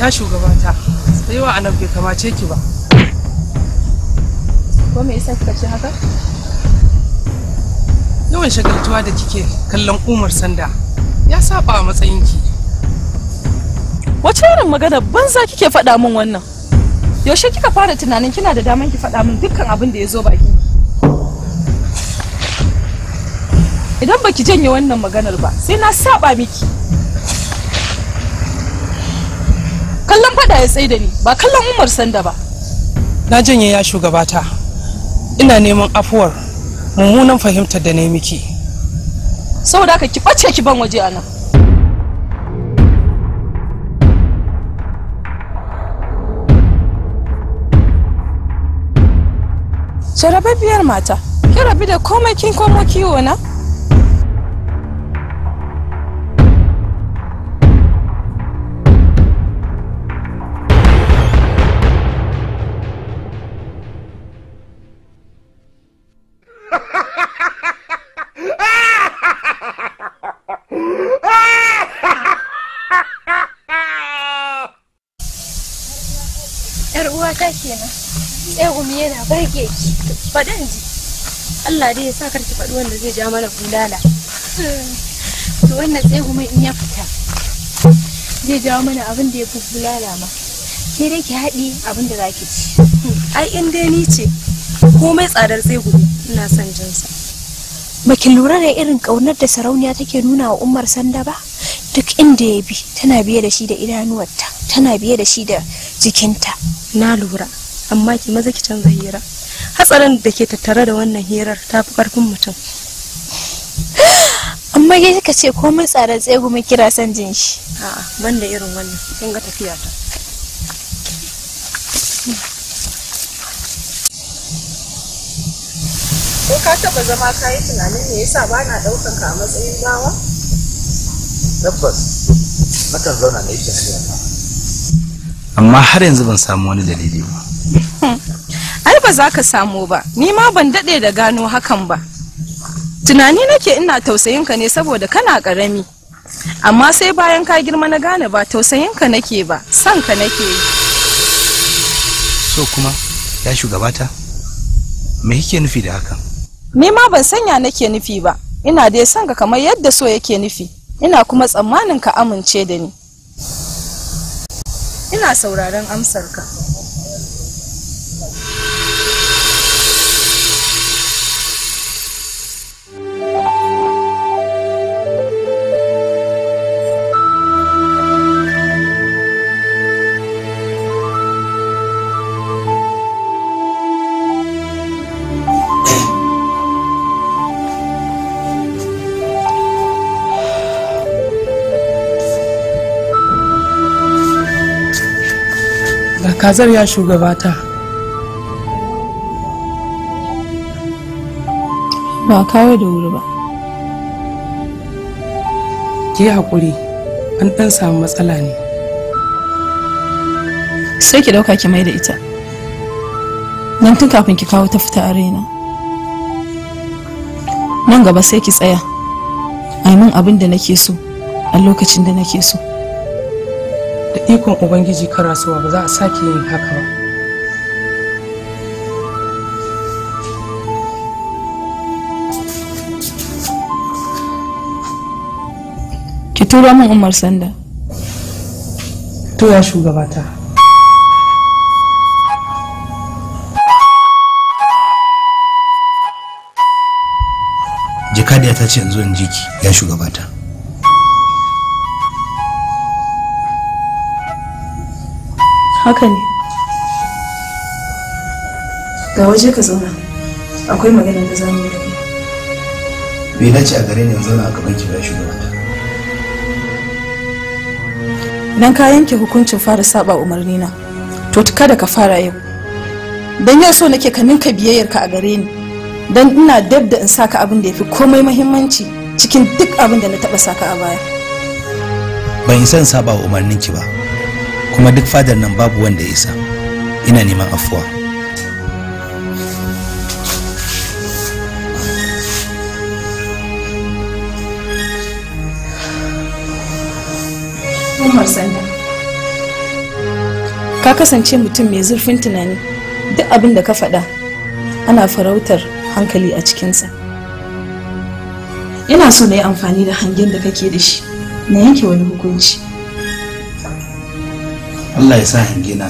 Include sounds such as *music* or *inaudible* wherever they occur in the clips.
ya shugabata tsayuwa wa nan bai kamace ki ba ko me yasa kika ce haka yawan shagaltuwa da kike kallon umar sanda ya saba a matsayinki wace irin magana banza kike faɗa min wannan yaushe kika fara tunanin kina da daman ki faɗa min dukkan abin da ya zo baki idan baki janye wannan maganar ba sai na saba miki da ya tsaye da ni ba kallon umar sanda ba na janye ya shugabata ina neman afuwar mummunan fahimtar da na yi miki saboda haka ki ɓace ki ban waje a nan biyar mata ki rabi da komai kin komo kiwo na yana bage ki faɗin ji Allah dai ya sa karki faɗi wanda zai ja mana bulala to wannan sai kuma in ya fita zai jawo mana abin da ya fi bulala ma ke dai ki haɗi abin da za ki ci ai in dai ni ce komai tsadar sai gudu ina son jinsa baki lura da irin ƙaunar da sarauniya take nuna wa umar sanda ba duk inda ya bi tana biye da shi da idanuwarta tana biye da shi da jikinta na lura amma ki maza ki canza hira hatsarin da ke tattare da wannan hirar ta fi karfin mutum *gasps* amma ke kika ce komai tsare tsaye kuma kira san jin shi a'a ban da irin wannan kin ga tafiya ta ko ka taba zama ka yi tunanin me yasa ba na daukan ka a matsayin bawa tabbas nakan zauna na yi tunani amma har yanzu ban samu wani dalili ba *laughs* ai ba za ka samu ba ni ma ban daɗe da gano hakan ba tunani nake ina tausayinka ne saboda kana ƙarami amma sai bayan ka girma na gane ba tausayinka nake ba son ka nake so kuma ya shugabata me yake nufi da hakan ni ma ban sanya nake nufi ba ina dai son ka kamar yadda so yake nufi ina kuma tsammanin ka amince da ni ina sauraron amsarka kazar ya shugabata ba kawo da wuri ba ki haƙuri an ɗan samu matsala ne sai ki ɗauka ki mai da ita nan tun kafin ki kawo ta fita arena nan gaba sai ki tsaya a min abin da nake so a lokacin da nake so ikon ubangiji karasuwa ba za a sake yin haka ba ki tura min umar sanda to ya shugabata jikadiya ta ce yanzu in jiki ya shugabata haka ne ga waje ka zauna akwai magana da zamu yi da kai bai dace a gare ni in zauna a gaban ki ba shugabanta idan ka yanke hukuncin fara saba umarni na to kada ka fara yau dan yau so nake ka ninka biyayyar ka a gare ni dan ina dab da in saka abin da yafi komai muhimmanci cikin duk abin da na taba saka a baya ban san saba umarnin ki ba kuma duk fadar nan babu wanda ya isa ina neman afuwa Umar Sanda ka kasance mutum mai zurfin tunani duk abin da ka faɗa ana farautar hankali a cikinsa ina so na yi amfani da hangen da kake da shi na yanke wani hukunci Allah ya sa hange na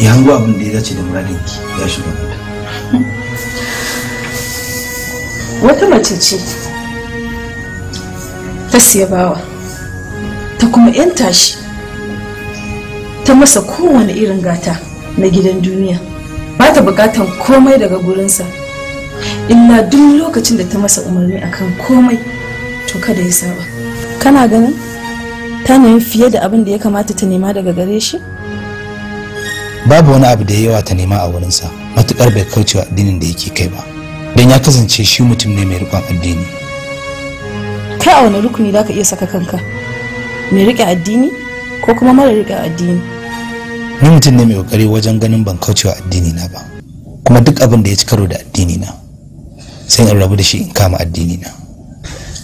ya hango abin da ya dace da muradinki ya shiga mata wata mace ce ta siya bawa ta kuma 'yan tashi ta masa kowane irin gata na gidan duniya ba ta bukatan komai daga gurinsa illa duk lokacin da ta masa umarni akan komai to kada ya saba kana ganin ta nemi fiye da abin da ya kamata ta nema daga gare shi babu wani abu da yawa ta nema a wurinsa matukar bai wa addinin da yake kai ba don ya kasance shi mutum ne mai rikon addini kai a wani rukuni da ka iya saka kanka mai rike addini ko kuma mara rike addini ni mutum ne mai kokari wajen ganin ban kaucewa addini na ba kuma duk abin da ya ci karo da addini na sai in rabu da shi in kama addini na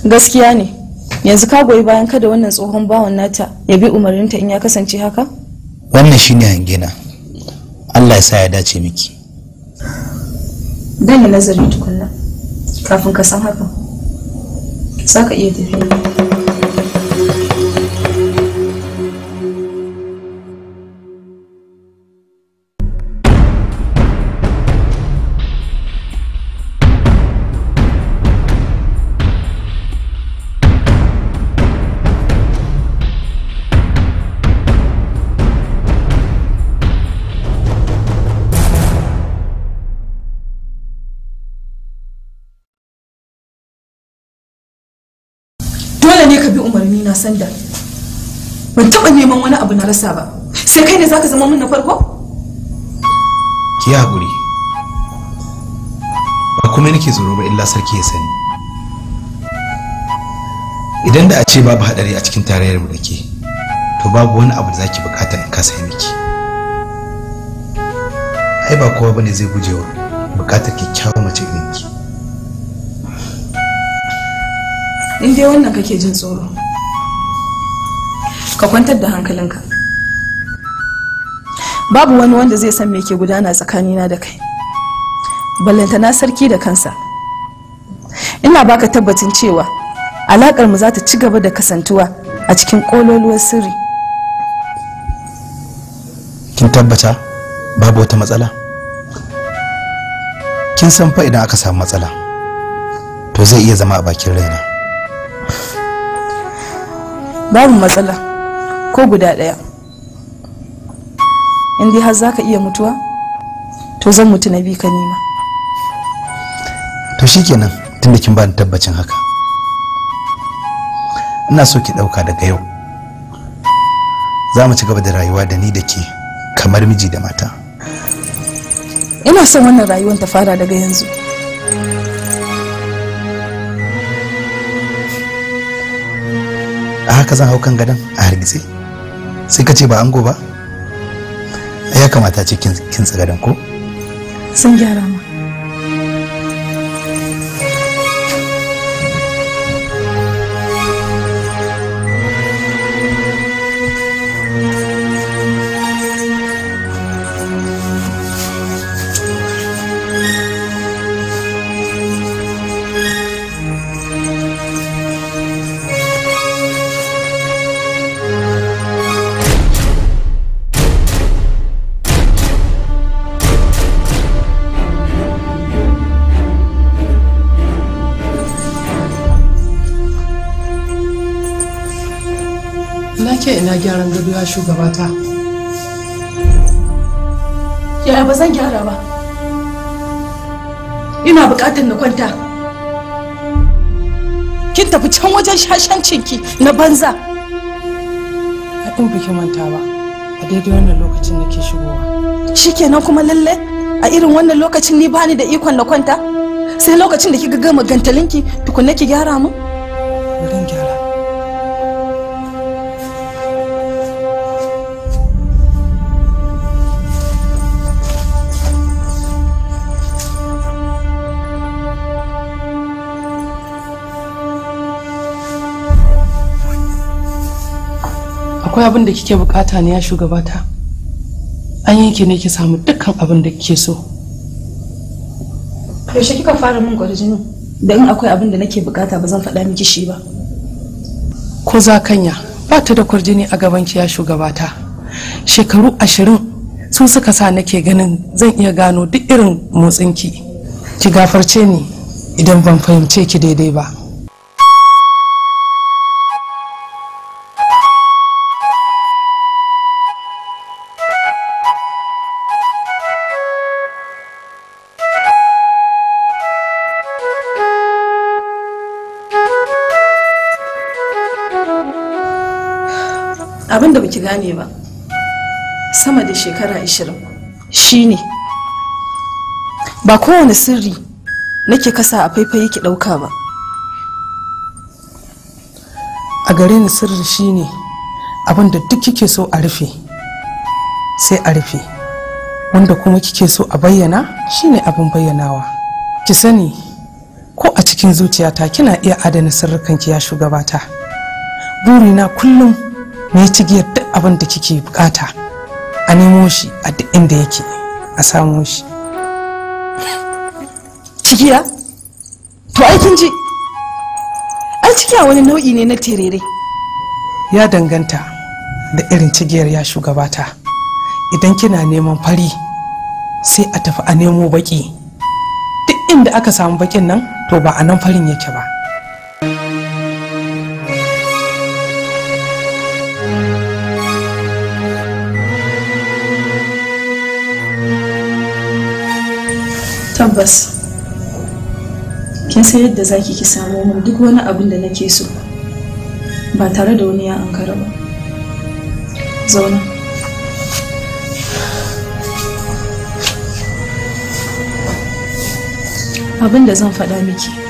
gaskiya ne yanzu ka goyi bayan kada wannan tsohon bawan nata ya bi umarninta in ya kasance haka wannan shine hangina Allah ya sa ya dace miki dan nazari tukunna kafin ka san haka za ka iya tafiya na sanda ban neman wani abu na rasa ba sai kai ne zaka zama min na farko ki haƙuri ba kuma nake tsoro ba illa sarki ya sani idan da a ce babu haɗari a cikin tarayyar mu dake to babu wani abu da zaki bukata in kasa miki ai ba kowa bane zai gujewa bukatar kyakkyawar mace irin ki in dai wannan kake jin tsoro ka kwantar da hankalinka babu wani wanda zai san me ke gudana tsakanina da kai na sarki da kansa ina baka tabbacin cewa alakar mu za ta ci gaba da kasantuwa a cikin kololuwar sirri kin tabbata babu wata matsala kin san fa idan aka samu matsala to zai iya zama a bakin raina babu matsala ko guda ɗaya in dai har za ka iya mutuwa to zan mutu na bi ka nima to shikenan tunda kin bani tabbacin haka ina so ki ɗauka daga yau za mu ci gaba da rayuwa da ni da ke kamar miji da mata ina son wannan rayuwar ta fara daga yanzu a haka zan hau kan gadon a hargitse sai ka ce ba ango ba ya kamata cikin kin tsagarin ko sun gyara ma ina gyaran gado ya shugabata yaya ba zan gyara ba ina bukatar na kwanta kin tafi can wajen shashancinki na banza a ɗin biki manta ba a daidai wannan lokacin nake shigowa shikenan kuma lalle a irin wannan lokacin ni bani da ikon na kwanta sai lokacin da kika gama gantalinki tukunna ki gyara mu gyara akwai abin da kike bukata ne ya shugabata an yanke ne ki samu dukkan abin da kike so yaushe kika fara min jinin? da in akwai abin da nake bukata ba zan faɗa miki shi ba ko za kanya ba ta da kwarjini a gaban ki ya shugabata shekaru ashirin su suka sa nake ganin zan iya gano duk irin motsinki ki gafarce ni idan ban fahimce ki daidai ba gane ba sama da shekara 20 shine ba kowane sirri nake kasa a faifai yake ɗauka ba a gare ni sirri shine abin da duk kike so a rufe sai a rufe wanda kuma kike so a bayyana shine abin bayyanawa ki sani ko a cikin zuciyata kina iya adana sirrikanki ya shugabata burina kullum na yi cigiyar abin da kike bukata a nemo shi a duk inda yake a samo shi cikiya to aikin ji ai cikiya wani nau'i ne na terere ya danganta da irin cigiyar ya shugabata idan kina neman fari sai a tafi a nemo baki duk inda aka samu bakin nan to ba a nan farin yake ba tabbas kin san yadda zaki ki samu min duk wani abin da nake so ba tare da wani ya ankara ba zauna abin da zan faɗa miki